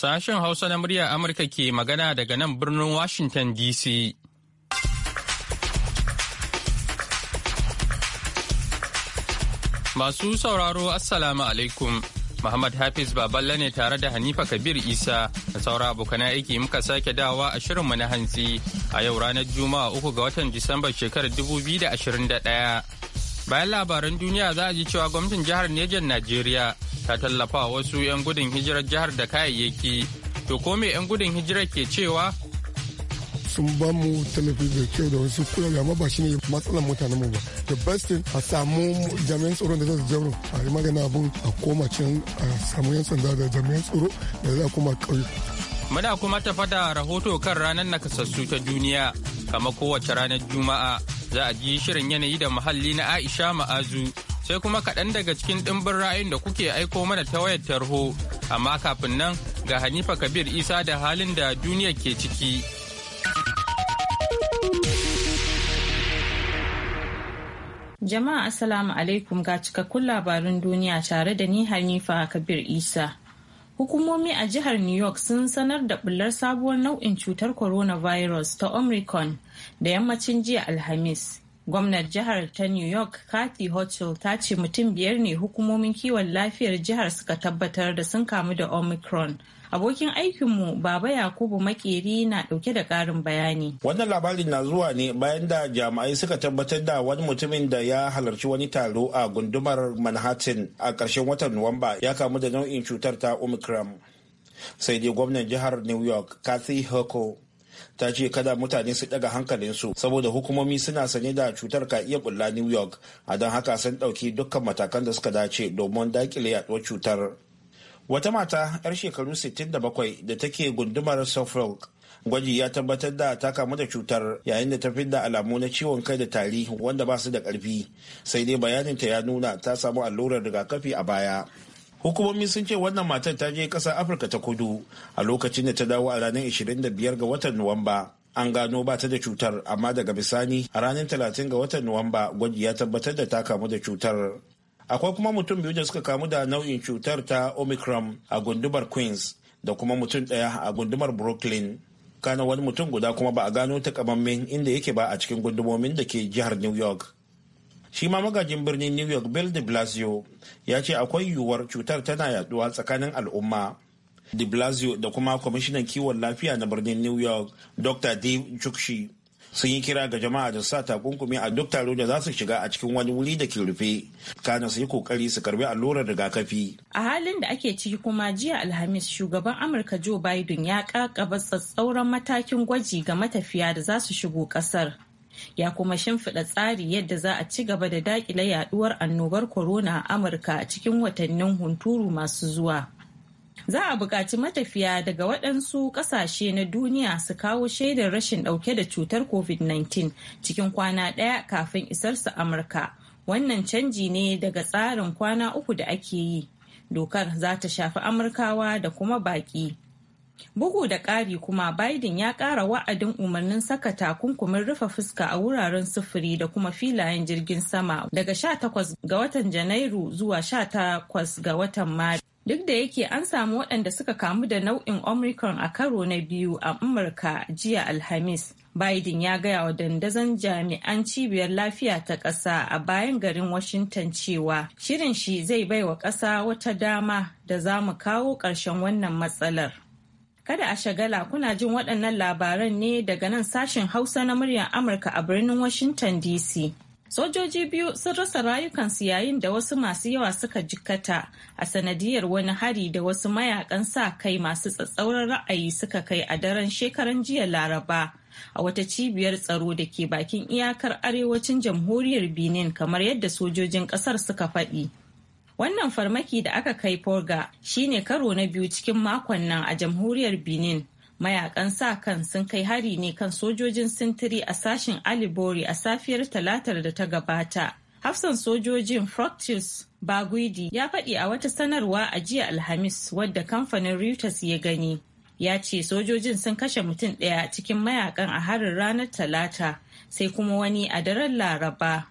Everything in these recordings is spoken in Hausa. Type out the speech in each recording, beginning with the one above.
Sashen Hausa na murya Amurka ke magana daga nan birnin Washington DC. Masu sauraro Assalamu alaikum. Muhammad Hafiz Baballe ne tare da Hanifa Kabir Isa da saura abokan aiki muka sake dawa a shirin mu na hantsi a yau ranar Juma'a uku ga watan Disambar shekarar 2021. Bayan labaran duniya za a ji cewa gwamnatin jihar Nejan Najeriya ta tallafa wasu 'yan gudun hijirar jihar da kayayyaki. To ko me 'yan gudun hijirar ke cewa? Sun ba mu tallafi da kyau da wasu kula amma ba shi ne matsalar mutanen mu ba. The best thing a samu jami'an tsaro da za su jauro a yi magana abin a koma can a samu 'yan sanda da jami'an tsaro da za a koma ƙauye. Muna kuma tafa da rahoto kan ranar nakasassu ta duniya kama kowace ranar Juma'a. za a ji shirin yanayi da muhalli na Aisha Ma'azu sai kuma kaɗan daga cikin ɗimbin ra'ayin da kuke aiko mana ta wayar tarho amma kafin nan ga Hanifa Kabir Isa da halin da duniya ke ciki. Jama'a Assalamu alaikum ga cikakkun labarun duniya tare da ni Hanifa Kabir Isa. hukumomi a jihar new york sun sanar da bullar sabuwar nau'in cutar coronavirus ta omicron da yammacin jiya alhamis gwamnar jihar ta new york kathy hochul ta ce mutum biyar ne hukumomin kiwon lafiyar jihar suka tabbatar da sun kamu da omicron abokin aikinmu baba yakubu makeri na dauke da karin bayani wannan labarin na zuwa ne bayan da jami'ai suka tabbatar da wani mutumin da ya halarci wani taro a gundumar manhattan a ƙarshen watan nuwamba ya kamu da nau'in cutar ta omicron sai dai gwamnan jihar new york kathy hochul ta ce kada mutane su daga hankalinsu saboda hukumomi suna sanye da cutar ka iya bulla new york a don haka sun ɗauki dukkan matakan da suka dace domin dakile yaduwar cutar wata mata 'yar shekaru 67 da take gundumar suffolk gwaji ya tabbatar da ta kamu da cutar yayin da ta fidda alamu na ciwon kai da tari wanda ba su da karfi sai dai bayaninta ya nuna ta samu allurar rigakafi a baya hukumomi sun ce wannan matar ta je ƙasar afirka ta kudu a lokacin da ta dawo a ranar 25 ga watan nuwamba an gano ba ta da cutar amma daga bisani a ranar 30 ga watan nuwamba gwaji ya tabbatar da ta kamu da cutar akwai kuma mutum biyu da suka kamu da nau'in cutar ta omicron a gundumar queens da kuma mutum ɗaya a gundumar brooklyn kana wani mutum guda kuma ba a gano takamammen inda yake ba a cikin gundumomin da ke jihar new york shi ma magajin birnin new york bill de blasio ya ce akwai yiwuwar cutar tana yaduwa tsakanin al'umma de blasio da kuma kwamishinan kiwon lafiya na birnin new york dr dave chukshi sun yi kira ga jama'a da sa takunkumi a duk taro da za su shiga a cikin wani wuri da ke rufe kana su yi kokari su karbi allurar rigakafi a halin da ake ciki kuma jiya alhamis shugaban amurka joe biden ya kakaba tsatsauran matakin gwaji ga matafiya da za su shigo kasar ya kuma shimfiɗa tsari yadda za a ci gaba da daƙile yaduwar annobar corona a amurka cikin watannin hunturu masu zuwa za a buƙaci matafiya daga waɗansu ƙasashe na duniya su kawo shaidar rashin ɗauke da cutar covid-19 cikin kwana ɗaya kafin isarsa amurka wannan canji ne daga tsarin kwana uku da ake yi dokar za ta shafi amurkawa da kuma baƙi Bugu da ƙari kuma Biden ya ƙara wa'adin umarnin saka takunkumin rufe fuska a wuraren sufuri da kuma filayen jirgin sama daga 18 ga watan Janairu zuwa 18 ga watan Maris. Duk da yake an samu waɗanda suka kamu da nau'in Omicron a karo na biyu a Amurka jiya Alhamis. Biden ya gaya wa dandazon jami'an cibiyar lafiya ta ƙasa a bayan garin Washington cewa shirin shi zai baiwa ƙasa wata dama da za mu kawo ƙarshen wannan matsalar. Kada a shagala kuna jin waɗannan labaran ne daga nan sashen Hausa na muryar Amurka a birnin Washington DC. Sojoji biyu sun rasa rayukansu yayin da wasu masu yawa suka jikkata a sanadiyar wani hari da wasu mayakan sa kai masu tsatsauran ra'ayi suka kai a daren shekaran jiya Laraba a wata cibiyar tsaro da ke bakin iyakar arewacin jamhuriyar Benin kamar yadda sojojin ƙasar suka faɗi. Wannan farmaki da aka kai Forga shine karo na biyu cikin makon nan a jamhuriyar Benin. Mayakan sa kan sun kai hari ne kan sojojin sintiri a sashin Alibori a safiyar talatar da ta gabata. Hafsan sojojin Fructus Baguidi ya faɗi a wata sanarwa a jiya Alhamis wadda kamfanin Reuters ya gani. Ya ce sojojin sun kashe mutum ɗaya cikin mayakan a harin ranar Talata sai kuma wani a daren Laraba.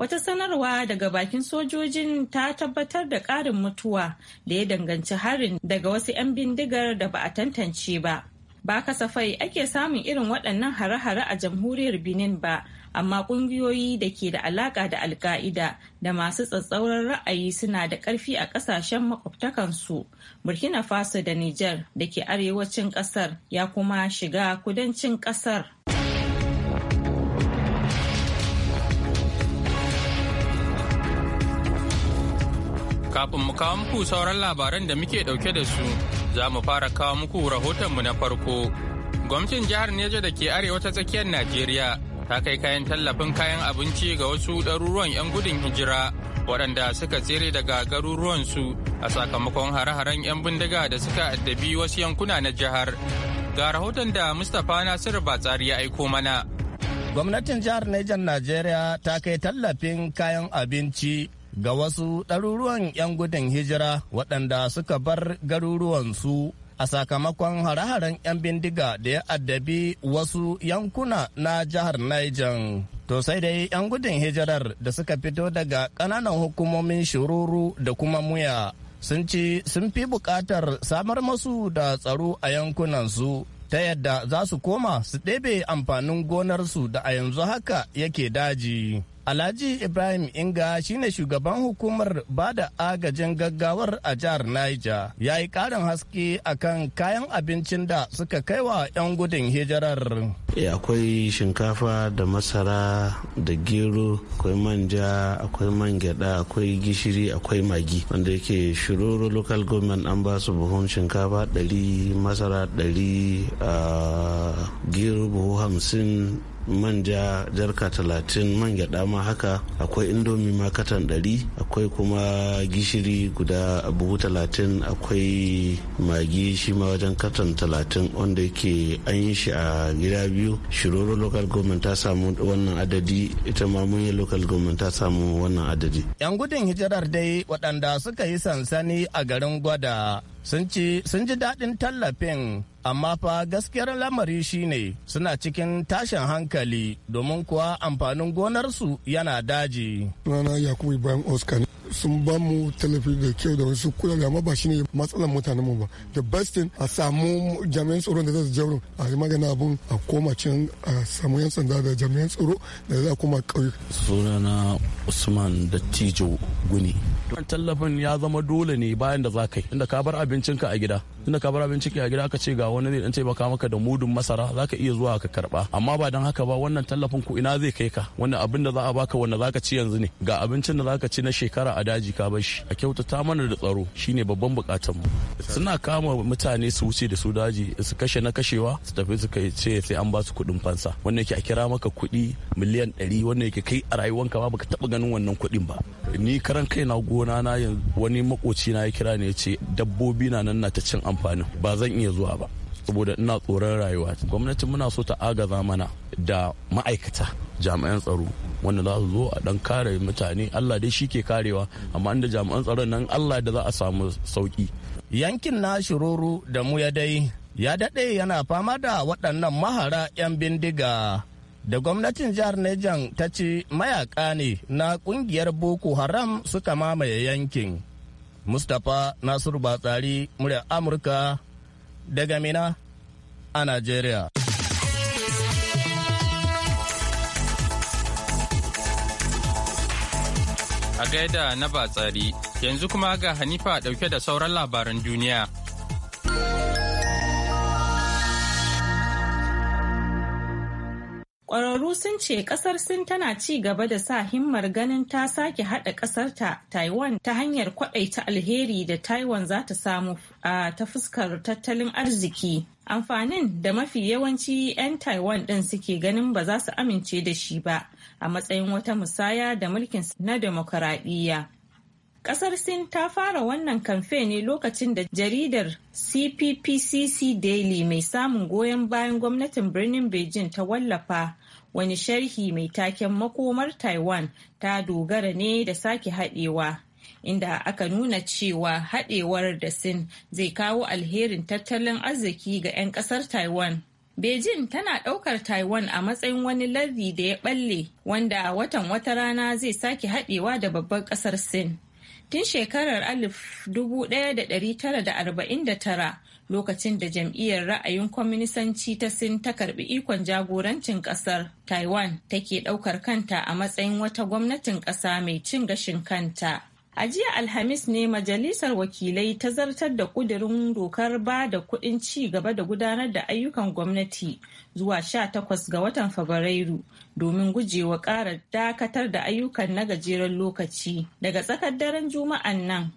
Wata sanarwa daga bakin sojojin ta tabbatar da ƙarin mutuwa da ya danganci harin daga wasu 'yan bindigar da ba a tantance ba. Ba kasafai ake samun irin waɗannan hare-hare a jamhuriyar Benin ba, amma ƙungiyoyi da ke da alaƙa da alka'ida da masu tsatsauran ra'ayi suna da ƙarfi a ƙasashen makwabtakansu. Burkina Faso da Niger da ke arewacin ƙasar ya kuma shiga kudancin ƙasar. Kafin mu kawo muku sauran labaran da muke ɗauke da su, za mu fara kawo muku rahotonmu na farko. Gwamnatin jihar Neja da ke arewa ta tsakiyar Najeriya ta kai kayan tallafin kayan abinci ga wasu ɗaruruwan 'yan gudun hijira waɗanda suka tsere daga garuruwansu a sakamakon hare-haren 'yan bindiga da suka addabi wasu yankuna na jihar. Ga rahoton da Mustapha Nasir Batsari ya aiko mana. Gwamnatin jihar neja Najeriya ta kai tallafin kayan abinci ga wasu ɗaruruwan 'yan gudun hijira waɗanda suka bar garuruwansu a sakamakon hare-haren 'yan bindiga da ya addabi wasu yankuna na jihar Niger. To sai dai 'yan gudun hijirar da suka fito daga ƙananan hukumomin shiruru da kuma muya sun ci sun fi buƙatar samar masu da tsaro a yankunansu ta yadda za su koma su ɗebe amfanin gonarsu da a yanzu haka yake daji. Alhaji Ibrahim Inga shine shugaban hukumar bada agajin gaggawar a jihar Niger ya yi karin haske akan kayan abincin da suka kai wa 'yan gudun hijirar. Eh, akwai shinkafa da masara da gero, akwai manja, akwai man gyada, akwai gishiri, akwai magi wanda yake shiroro local government an ba su buhun shinkafa 100 masara 100 ah, gero buhu hamsin. manja jarka talatin man gyaɗa ma haka akwai indomi ma katan ɗari akwai kuma gishiri guda buhu talatin akwai magi shi ma wajen katan talatin wanda yake an yi shi a gida biyu shiroro local government ta samu wannan adadi ita ma mun yi local government ta samu wannan adadi yan gudun hijirar dai waɗanda suka yi sansani a garin gwada sun ji daɗin tallafin amma fa gaskiyar lamari shine suna cikin tashin hankali domin kuwa amfanin gonarsu yana daji. sun ba mu tallafi da kyau da wasu kula amma ba shi ne matsalar mutanen mu ba da thing a samu jami'an tsaron da zai jauro a magana abun a koma can a samu yan sanda da jami'an tsaro da za kuma suna sunana usman dattijo guni tallafin ya zama dole ne bayan da za ka yi inda ka bar abincinka a gida tunda ka bar abinci a gida aka ce ga wani zai dan taimaka maka da mudun masara zaka iya zuwa ka karba amma ba dan haka ba wannan tallafin ku ina zai kai ka wannan abin da za a baka wanda zaka ci yanzu ne ga abincin da zaka ci na shekara a daji ka bar shi a kyautata mana da tsaro shine babban bukatun mu suna kama mutane su wuce da su daji su kashe na kashewa su tafi su kai ce sai an ba su kuɗin fansa wannan yake a kira maka kuɗi miliyan ɗari wannan yake kai a rayuwanka ba baka taɓa ganin wannan kuɗin ba ni karan kai na gona na wani makoci na ya kira ne ya ce dabbobi na nan na ta cin amfanin ba zan iya zuwa ba saboda ina tsoron rayuwa gwamnati muna so ta agaza mana da ma'aikata jami'an tsaro wanda za su zo a dan kare mutane allah dai shi ke karewa amma inda jami'an tsaron nan allah da za a samu sauki yankin na shiroro da mu ya dai ya daɗe yana fama da waɗannan mahara 'yan bindiga da gwamnatin jihar Nejan ta ce mayaka ne na ƙungiyar Boko Haram suka mamaye yankin. mustapha nasiru batsari murya amurka daga mina a Najeriya. a gaida na batsari yanzu kuma ga hanifa ɗauke da sauran labaran duniya Ƙwararru sun ce ƙasar Sin tana ci gaba da sa himmar ganin ta sake haɗa ta Taiwan ta hanyar kwaɗaita alheri da Taiwan za ta samu a ta fuskar tattalin arziki. Amfanin da mafi yawanci 'yan Taiwan ɗin suke ganin ba za su amince da shi ba a matsayin wata musaya da mulkin na demokuraɗiyya Kasar Sin ta fara wannan kamfe ne lokacin da jaridar CPPCC Daily mai samun goyon bayan gwamnatin birnin Beijing ta wallafa wani sharhi mai taken makomar taiwan ta dogara ne da sake haɗewa inda aka nuna cewa haɗewar da sin zai kawo alherin tattalin arziki ga 'yan ƙasar taiwan beijing tana ɗaukar taiwan a matsayin wani lardi da ya ɓalle wanda a watan wata rana zai sake haɗewa da babbar ƙasar sin tun shekarar 1949 lokacin da jam'iyyar ra'ayin kwaminisanci ta sin ta karbi ikon jagorancin kasar taiwan take daukar kanta a matsayin wata gwamnatin kasa mai cin gashin kanta a jiya alhamis ne majalisar wakilai ta zartar da kudirin dokar ba da kudin ci gaba da gudanar da ayyukan gwamnati zuwa 18 ga watan fabrairu domin gujewa ƙara dakatar da ayyukan na gajeren lokaci daga tsakar daren juma'an nan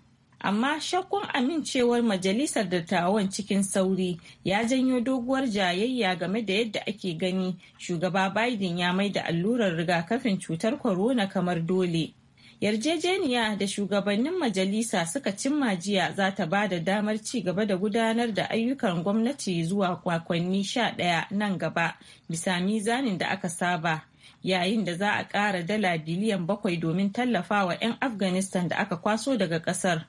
amma shakkun amincewar majalisar dattawan cikin sauri ya janyo doguwar jayayya game da yadda ake gani shugaba biden ya mai da allurar rigakafin cutar corona kamar dole yarjejeniya da shugabannin majalisa suka cimma jiya za ta ba da damar ci gaba da gudanar da ayyukan gwamnati zuwa kwakwanni sha ɗaya nan gaba bisa mizanin da aka saba yayin da za a ƙara dala biliyan bakwai domin tallafawa 'yan afghanistan da aka kwaso daga ƙasar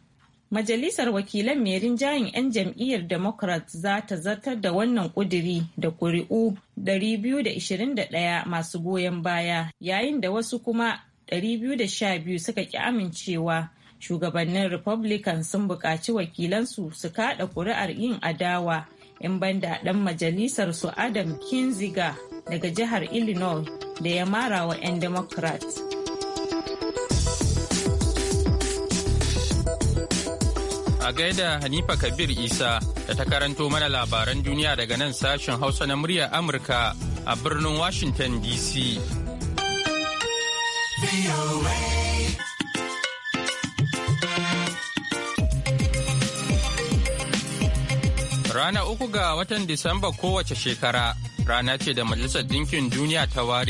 Majalisar wakilan mai rinjayen 'yan jam'iyyar Democrat za ta zartar da wannan kuduri da kuri'u 221 masu goyon baya yayin da wasu kuma 212 suka ki amincewa. Shugabannin Republican sun buƙaci wakilansu su kaɗa kuri'ar yin adawa in banda ɗan majalisar su Adam Kinziga daga jihar Illinois da ya mara wa 'yan Democrats. gaida Hanifa Kabir Isa da ta karanto mana labaran duniya daga nan sashen Hausa na muryar Amurka a birnin Washington DC. Rana uku ga watan Disamba kowace shekara rana ce da Majalisar Dinkin Duniya ta ware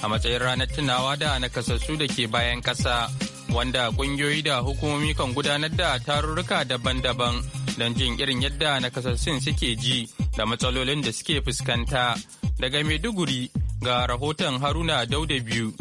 a matsayin ranar tunawa da nakasassu da ke bayan ƙasa. wanda kungiyoyi da hukumomi kan gudanar da tarurruka daban-daban don jin irin yadda nakasassun suke ji da matsalolin da suke fuskanta daga maiduguri ga rahoton haruna dauda biyu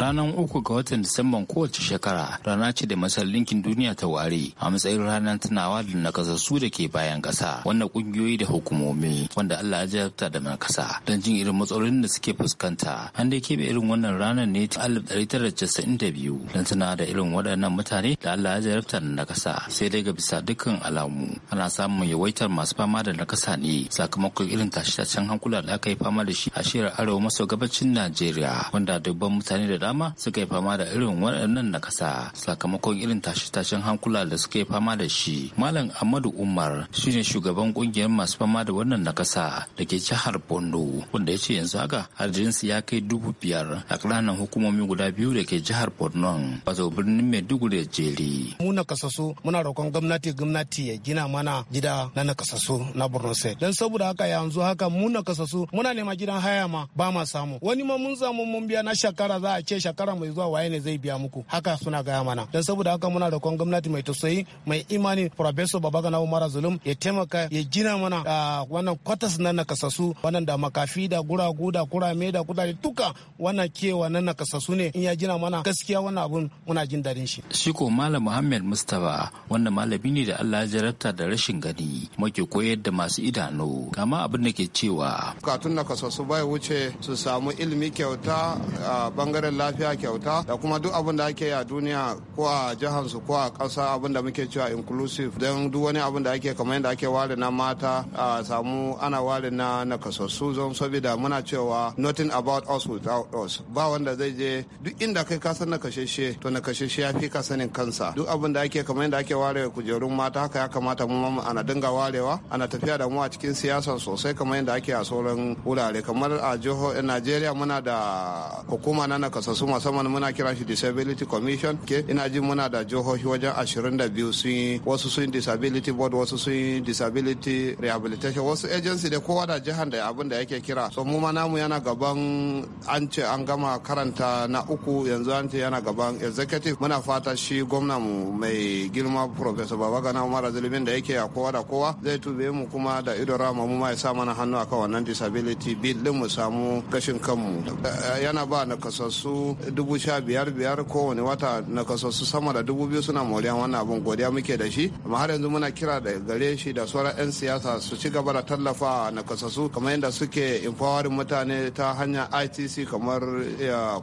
Ranar uku ga watan Disamban kowace shekara rana ce da Masar Linkin Duniya ta ware a matsayin ranar tunawa da nakasassu da ke bayan kasa. wannan kungiyoyi da hukumomi wanda Allah ya jarabta da nakasa don jin irin matsalolin da suke fuskanta. An dai keɓe irin wannan ranar ne ta tara don tuna da irin waɗannan mutane da Allah ya jarabta da nakasa sai dai ga bisa dukkan alamu ana samun yawaitar masu fama da nakasa ne sakamakon irin tashe-tashen hankula da aka yi fama da shi a shirar arewa maso gabacin Najeriya wanda dubban mutane da dama suka yi fama da irin waɗannan nakasa sakamakon irin tashe-tashen hankula da suka yi fama da shi malam amadu umar shine shugaban ƙungiyar masu fama da wannan nakasa da ke jihar bondo wanda ya ce yanzu haka adadinsu ya kai dubu biyar a ƙananan hukumomi guda biyu da ke jihar borno wato birnin maiduguri da jeri mu nakasasu muna roƙon gwamnati gwamnati ya gina mana gida na nakasasu na borno state don saboda haka yanzu haka mu nakasasu muna nema gidan haya ma ba ma samu wani ma mun samu mun biya na shekara za a ce shekara mai zuwa waye ne zai biya muku haka suna gaya mana don saboda haka muna da roƙon gwamnati mai tausayi mai imani professor babagana umara zulum ya taimaka ya gina mana wannan kwatas na nakasassu wannan da makafi da guragu da kurame da kudade duka wannan kewa na nakasassu ne in ya gina mana gaskiya wannan abun muna jin daɗin shi. shi ko malam muhammad mustapha wanda malami ne da allah jarabta da rashin gani muke koyar da masu idanu kama abin da ke cewa. na kasasu bai wuce su samu ilimi kyauta a bangaren lafiya lafiya kyauta da kuma duk abin da ake yi a duniya ko a jihar su ko a ƙasa abin da muke cewa inclusive don duk wani abin da ake kamar yadda ake ware na mata a samu ana ware na nakasassu zan saboda muna cewa nothing about us without us ba wanda zai je duk inda kai ka san nakasheshe to nakasheshe ya fi ka sanin kansa duk abin da ake kamar yadda ake ware kujerun mata haka ya kamata mu ana dinga warewa ana tafiya da mu a cikin siyasa sosai kamar yadda ake a sauran wurare kamar a jihohin Najeriya muna da hukuma na nakasassu su musamman muna kira shi disability commission ke ina jin muna da jihohi wajen 22 sun yi wasu sun disability board wasu sun disability rehabilitation wasu agency da kowa da jihar da abin da yake kira so mu namu yana gaban an ce an gama karanta na uku yanzu an ce yana gaban executive muna fata shi gwamna mu mai girma professor babagana umar zulumin da yake a kowa da kowa zai tube mu kuma da ido rama mu ma ya sa mana hannu akan wannan disability bill din mu samu gashin kanmu eh, yana ba nakasassu dubu sha biyar biyar kowane wata na su sama da dubu biyu suna moriyan wannan abun godiya muke da shi amma har yanzu muna kira da gare shi da sauran 'yan siyasa su ci gaba da tallafa na su kamar yadda suke infawarin mutane ta hanyar itc kamar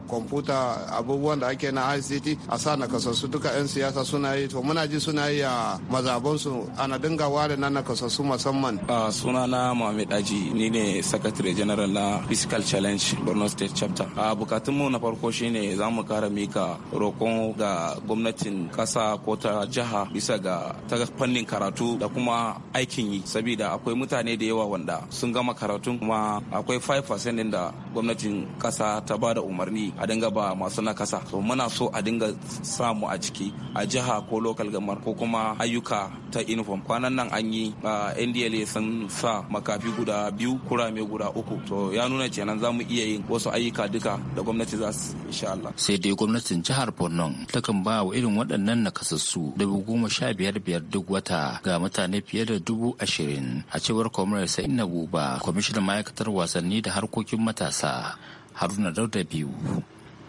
kwamfuta abubuwan da ake na ict a sa na su duka 'yan siyasa suna yi to muna ji suna yi a mazabansu ana dinga ware na na su musamman sunana muhammed Aji ni ne Secretary General na Physical Challenge Borno State Chapter a bukatunmu na farko farko shine za mu kara mika roƙon ga gwamnatin ƙasa ko ta jiha bisa ga ta fannin karatu da kuma aikin yi sabida akwai mutane da yawa wanda sun gama karatun kuma akwai 5% din da gwamnatin ƙasa ta ba da umarni a dinga ba masu na ƙasa. to muna so a dinga samu a ciki a jiha ko local gamar ko kuma ayyuka ta uniform kwanan nan an yi ndla sun sa makafi guda biyu kurame guda uku to ya nuna kenan za mu iya yin wasu ayyuka duka da gwamnati za su insha Sai dai gwamnatin jihar Borno ta kan ba wa irin waɗannan nakasassu dubu goma sha biyar biyar duk wata ga mutane fiye da dubu ashirin a cewar kwamrar sa'in na buba kwamishinan ma'aikatar wasanni da harkokin matasa haruna dauda biyu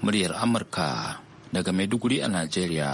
muryar amurka daga maiduguri a najeriya.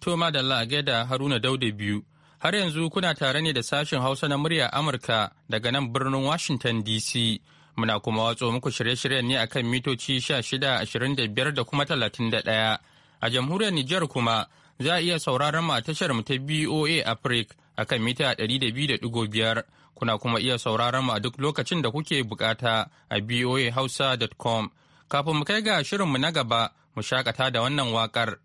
to madalla a haruna dauda biyu har yanzu kuna tare ne da sashen hausa na murya amurka daga nan birnin washington dc Muna kuma watso muku shirye-shiryen ne akan mitoci shida ashirin da kuma talatin da ɗaya A jamhuriyar Nijar kuma za a iya sauraron mu a tashar mu ta BOA Africa akan mita 200.5 kuna kuma iya sauraron mu a duk lokacin da kuke bukata a hausa dot com Kafin mu kai ga mu na gaba mu shakata da wannan wakar.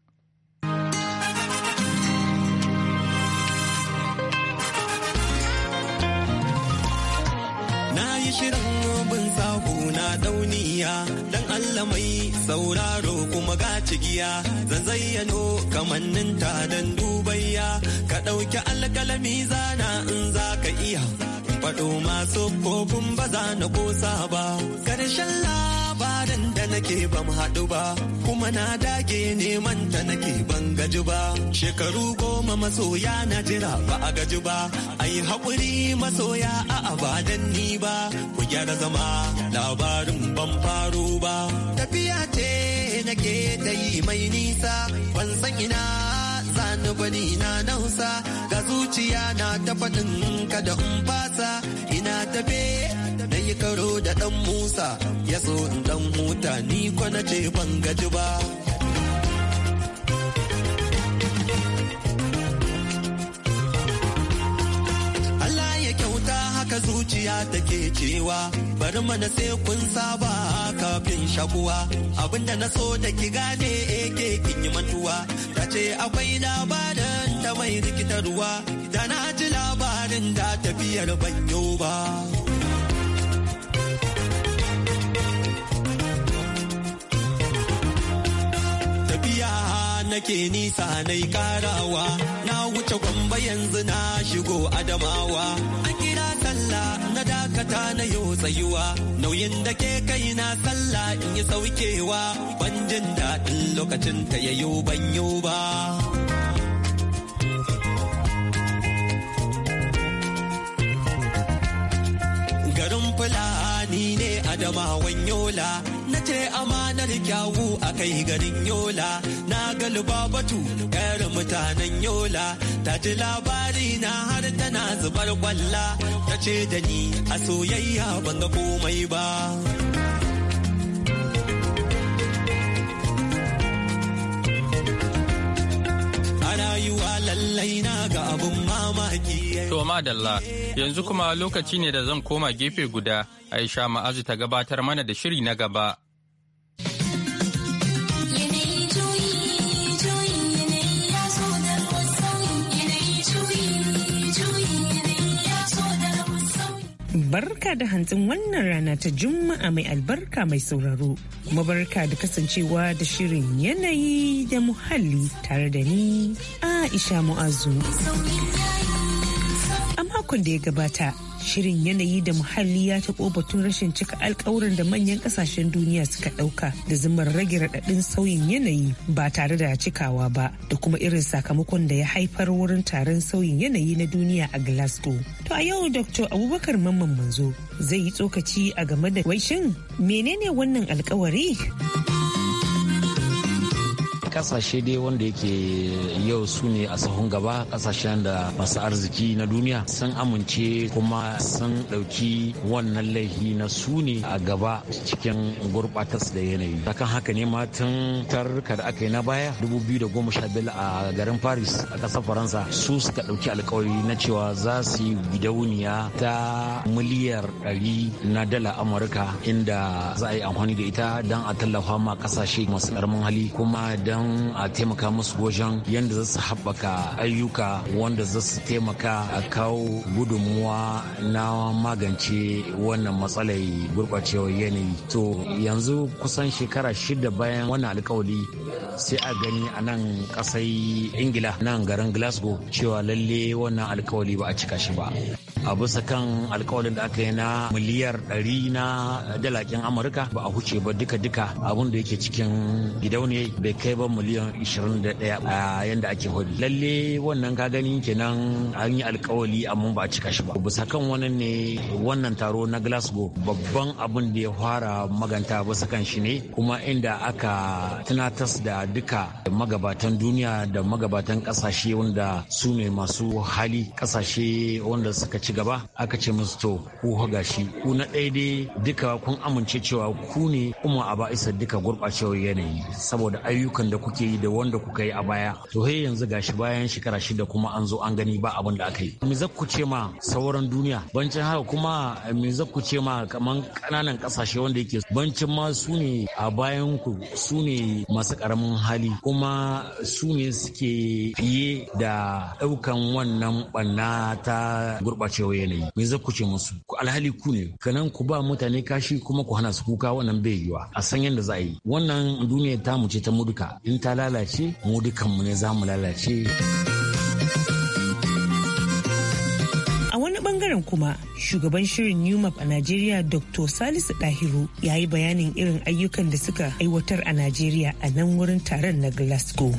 Na na dauniya dan Allah mai sauraro kuma ga cigiya zan zayyano kamannin ta dan dubayya ka ɗauki alkalami zana in zaka iya faɗo masu kofin ba za na kosa ba ƙarshen labarin da nake ban haɗu ba kuma na dage neman ta nake ban gaji ba shekaru goma masoya na jira ba a gaji ba ai haƙuri masoya a abadan ni ba ku gyara zama labarin ban faru ba tafiya ce nake ta yi mai nisa ban san ina ba ni na nausa ga zuciya na ta faɗin kada in fasa ina tafe na yi karo da ɗan musa ya so in ɗan huta ni na ce ban gaji ba. haka zuciya take cewa bari mana sai kun saba kafin shakuwa abinda na so da ki gane ake eh, kin yi ruwa ta ce akwai labarin ta mai rikitarwa da na ji labarin da tafiyar banyo ba. nake nisa nai karawa na wuce gwamba yanzu na shigo adamawa an kira sallah na dakata na yau tsayuwa nauyin da ke kai na sallah in yi saukewa ban jin daɗin lokacin ta yayo ban yau ba adamawan yola na ce amanar kyawu a kai garin yola na ga lubabatu yar mutanen yola ta ji labari na har tana zubar kwalla ta ce da ni a soyayya ban ga komai ba To madalla yanzu kuma lokaci ne da zan koma gefe guda Aisha Ma'azu ta gabatar mana da shiri na gaba. Barka da hantsin wannan rana ta Juma'a mai albarka mai sauraro. Mabarka da kasancewa da shirin yanayi da muhalli tare da ni Aisha Mu'azu. A makon da ya gabata, shirin yanayi da muhalli ya taɓo batun rashin cika alkawuran da manyan ƙasashen duniya suka ɗauka da zumar rage raɗaɗin sauyin yanayi ba tare da cikawa ba da kuma irin sakamakon da ya haifar wurin taron sauyin yanayi na duniya a Glasgow. To a yau Dr. Abubakar Mamman Manzo zai yi tsokaci a game da waishin menene wannan alkawari? kasashe dai wanda yake yau su ne a sahun gaba kasashen da masu arziki na duniya sun amince kuma sun ɗauki wannan laifi na su ne a gaba cikin gurɓatas da yanayi akan haka ne ma tun tarka da aka yi na baya 2015 a garin paris a ƙasar faransa su suka ɗauki alkawari na cewa za su yi gidauniya ta miliyar 100 na dala amurka inda za a yi amfani da ita don a tallafa ma ƙasashe masu karamin hali kuma don don a taimaka musu wajen yadda za su haɓaka ayyuka wanda za su taimaka a kawo gudunmuwa na magance wannan matsalar gurɓacewar yanayi to yanzu kusan shekara shida bayan wannan alkawali sai a gani a nan ƙasai ingila nan garin glasgow cewa lalle wannan alkawali ba a cika shi ba a bisa kan alkawalin da aka yi na miliyar ɗari na dalakin amurka ba a huce ba duka-duka abin da yake cikin gidauniya bai kai ba miliyan 21 a yanda ake hudu lalle wannan ka gani kenan an yi alkawali amma ba a cika shi ba bisa kan wannan ne wannan taro na glasgow babban abin da ya fara maganta bisa kan shi ne kuma inda aka tunatas da duka magabatan duniya da magabatan kasashe wanda su ne masu hali kasashe wanda suka ci gaba aka ce musu to ku haga shi ku na daidai duka kun amince cewa ku ne kuma a ba isa duka gurɓacewar yanayi saboda ayyukan da kuke yi da wanda kuka yi a baya to he yanzu gashi bayan shekara shida kuma an zo an gani ba abin da aka yi me za ku ce ma sauran duniya bancin haka kuma me za ku ce ma kaman kananan kasashe wanda yake bancin ma su ne a bayan ku su ne masu karamin hali kuma su ne suke fiye da daukan wannan banna ta gurbacewa yanayi me za ku ce musu alhali ku ne kanan ku ba mutane kashi kuma ku hana su kuka wannan bai yiwa a san yadda za a yi wannan duniyar tamu ce ta muduka in in ta lalace mu dukanmu ne za mu lalace. A wani bangaren kuma shugaban shirin UMAP a Najeriya Dr. Salisu Dahiru ya yi bayanin irin ayyukan da suka aiwatar a Najeriya a nan wurin taron na Glasgow.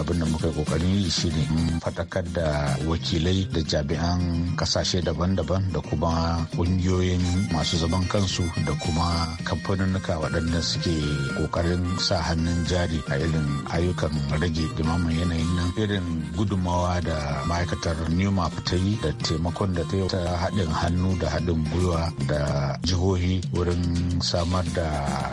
abin da muka kokarin yi shine ne fatakar da wakilai da jami'an kasashe daban-daban da kuma ƙungiyoyin masu zaman kansu da kuma kamfanonuka waɗanda suke kokarin sa hannun jari a irin ayyukan rage dimaman yanayin nan irin gudummawa da ma'aikatar newma ta yi da taimakon da ta yi ta haɗin hannu da haɗin gwiwa da jihohi wurin samar da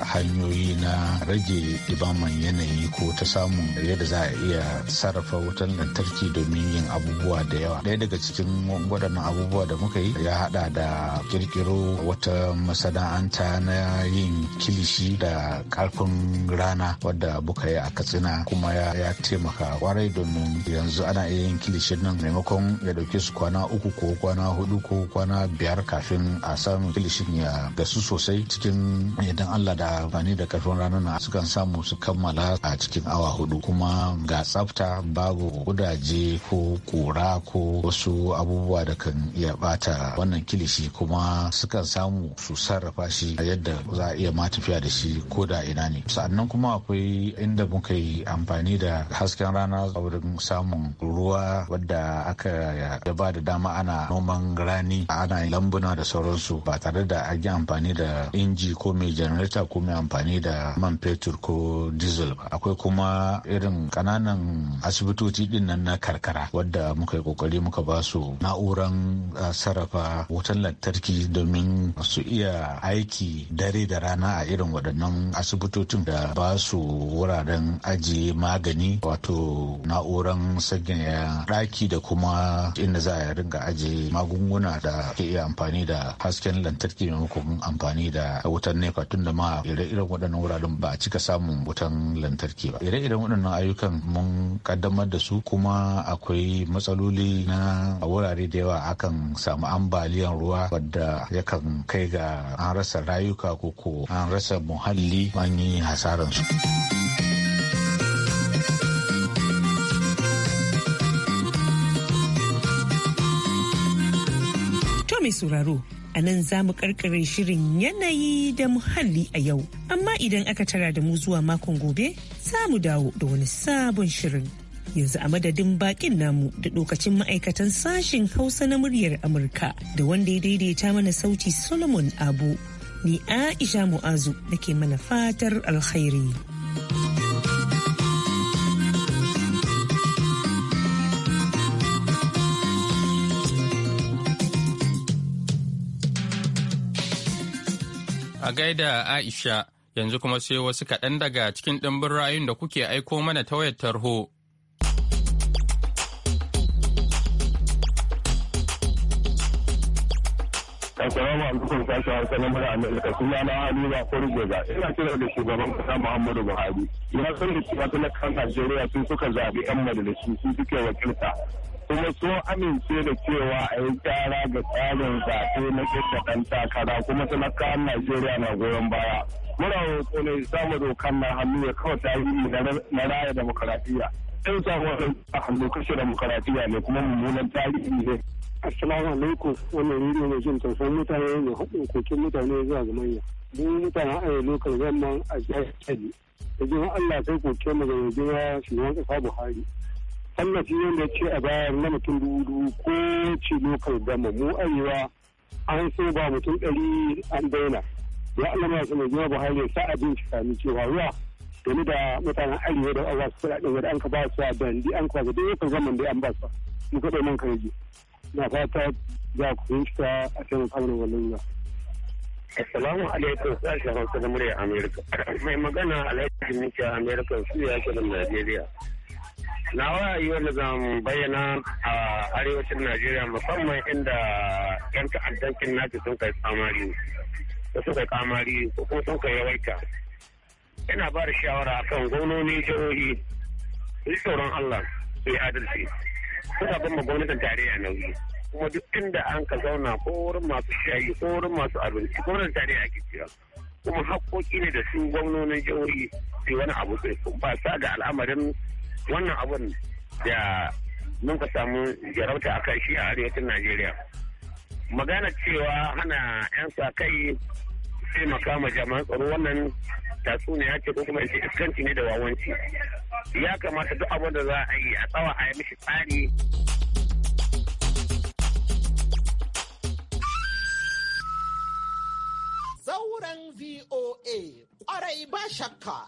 hanyoyi na rage dimaman yanayi ko ta samun yadda za a iya iya sarrafa wutan lantarki domin yin abubuwa da yawa ɗaya daga cikin waɗannan abubuwa da muka yi ya haɗa da kirkiro wata masana'anta na yin kilishi da ƙarfin rana wadda muka yi a katsina kuma ya taimaka kwarai domin yanzu ana iya yin kilishin nan maimakon ya ɗauke su kwana uku ko kwana hudu ko kwana biyar kafin a samu kilishin ya gasu sosai cikin idan allah da amfani da ƙarfin rana na sukan samu su kammala a cikin awa hudu kuma ga tsafta babu gudaje ko kura ko wasu abubuwa da kan iya bata wannan kilishi kuma sukan samu su sarrafa shi a yadda za a iya ma tafiya da shi ko da ina ne sannan kuma akwai inda muka yi amfani da hasken rana wurin samun ruwa wadda aka ya ba da dama ana noman rani ana lambuna da sauransu ba tare da a yi amfani da inji ko mai janareta ko mai amfani da man fetur ko diesel ba akwai kuma irin ƙananan. ƙananan asibitoci din nan na karkara wadda muka yi kokari muka ba su na'uran sarrafa wutan lantarki domin su iya aiki dare da rana a irin waɗannan asibitocin da ba su wuraren ajiye magani wato na'uran sanyaya ɗaki da kuma inda za a ringa ajiye magunguna da ke iya amfani da hasken lantarki maimakon amfani da wutan nefa tun da ma ire-iren waɗannan wuraren ba a cika samun wutan lantarki ba ire-iren waɗannan ayyukan mun kaddamar da su kuma akwai matsaloli na A wurare da yawa akan samu ambaliyan ruwa wadda yakan kai ga an rasa rayuka ko ko an rasa muhalli an yi hasaransu. To mai sauraro a nan za mu karkare shirin yanayi da muhalli a yau. Amma idan aka tara da mu zuwa makon gobe, za mu dawo da wani sabon shirin. Yanzu a madadin bakin namu da lokacin ma'aikatan sashen Hausa na muryar Amurka da wanda ya daidaita mana sauti Solomon Abu, ni Aisha Mu'azu da ke mana fatar alkhairi. A gaida Aisha, yanzu kuma sai wasu kaɗan daga cikin ɗimbin ra'ayin da kuke aiko mana ta wayar tarho. Assalamu alaikum sashi Hausa na mura Amerika suna na Halima Kurgoza ina kira da shugaban kasa Muhammadu Buhari ya san da cewa talakan Najeriya sun suka zaɓi 'yan majalisu su suke wakilta kuma so amince da cewa a yi gyara ga tsarin zaɓe na kirka ɗan takara kuma talakawan najeriya na goyon baya muna roƙo ne samu dokan na hannu ya ta yi na raya demokaradiyya ɗan samu a hannu kashe demokaradiyya ne kuma mummunan tarihi ne assalamu alaikum wannan rediyo mai jin tausayin mutane ne haɗin kokin mutane zuwa ga manya mu mutane a yi lokal zaman a jihar kebbi da jin allah sai k'u mu ga yanzu ya wani ƙasa buhari tallafi wanda ce a bayan na mutum dubu dubu ko ce lokal gama mu arewa an so ba mutum ɗari an daina ya Allah ma su mai gina Buhari ya sa abin shi sami cewa ruwa domin da mutanen arewa da su wasu kuɗaɗen wadda an ka ba su a dandi an kwasa duk yakan zaman da an ba su mu kaɗai man ka rage na fata za ku bincika a taimaka mana wannan yau. Assalamu alaikum sashen Hausa na murya Amerika. Mai magana alaikum Nika Amerika su ya na Najeriya. na ra'ayi da zan bayyana a arewacin najeriya musamman inda yan ta'addancin nasu sun kai kamari da suka kamari ko sun kai yawaita yana ba da shawara akan gwamnoni jihohi yi tsoron allah su yi adalci suna bamba gwamnatin tarayya nauyi kuma duk inda an ka zauna ko wurin masu shayi ko wurin masu abinci ko wurin tarayya ke cewa kuma haƙƙoƙi ne da su gwamnonin jihohi su wani abu sai ba sa ga al'amarin wannan abun da mun ka samu jarauta a kai shi a arewacin najeriya magana cewa hana 'yan sa kai taimaka ma jama'an tsaro wannan tatsuniya ce ko kuma ce iskanci ne da wawanci ya kamata duk abin da za a yi a tsawa a yi mishi tsari zauren voa ƙwarai ba shakka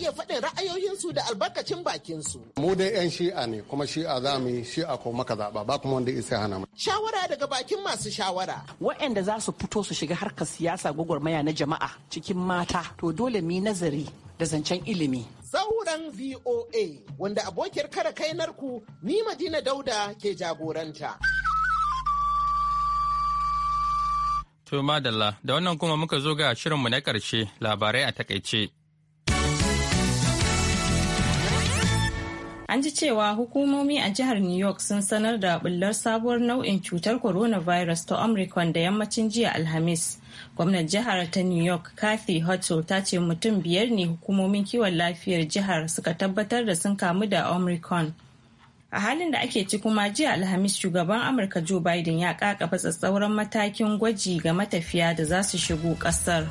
iya faɗin ra'ayoyinsu da albarkacin bakinsu. Mu dai 'yan shi'a ne kuma shi'a za mu yi shi'a ko maka zaɓa ba kuma wanda isa hana mu. Shawara daga bakin masu shawara. Waɗanda za su fito su shiga harkar siyasa gwagwarmaya na jama'a cikin mata to dole mu yi nazari da zancen ilimi. Sauran VOA wanda abokiyar kare kainarku ni Madina Dauda ke jagoranta. To madalla da wannan kuma muka zo ga shirinmu na ƙarshe labarai a takaice. An ji cewa hukumomi a jihar New York sun sanar da bullar sabuwar nau'in cutar coronavirus ta Omicron da yammacin jiya Alhamis. Gwamnan jihar ta New York, Kathy Hochul ta ce mutum biyar ne hukumomin kiwon lafiyar jihar suka tabbatar da sun kamu da Omicron. A halin da ake ci kuma jiya Alhamis shugaban Amurka Joe Biden ya kakaba tsatsauran matakin gwaji ga matafiya da za su shigo ƙasar.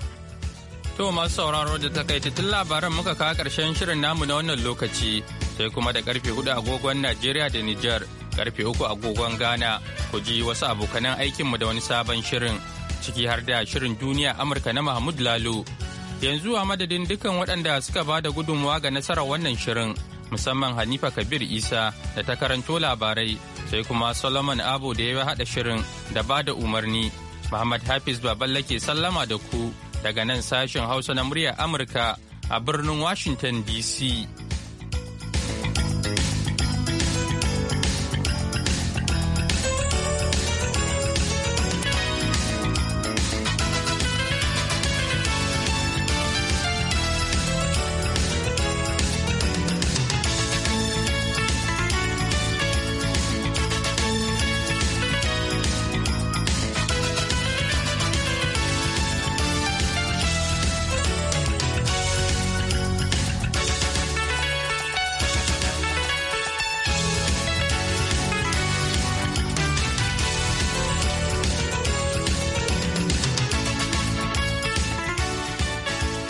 To masu sauraro da takaitattun labaran muka kawo ƙarshen shirin namu na wannan lokaci sai kuma da karfe hudu agogon Najeriya da Nijar karfe uku agogon Ghana ku ji wasu abokanan aikinmu da wani sabon shirin ciki har da shirin duniya Amurka na Mahmud Lalo. Yanzu a madadin dukkan waɗanda suka ba da gudunmawa ga nasarar wannan shirin musamman Hanifa Kabir Isa da ta karanto labarai sai kuma Solomon Abu da ya haɗa shirin da ba da umarni. Muhammad Hafiz Baballa ke sallama da ku. daga nan sashen Hausa na muryar Amurka a birnin Washington DC.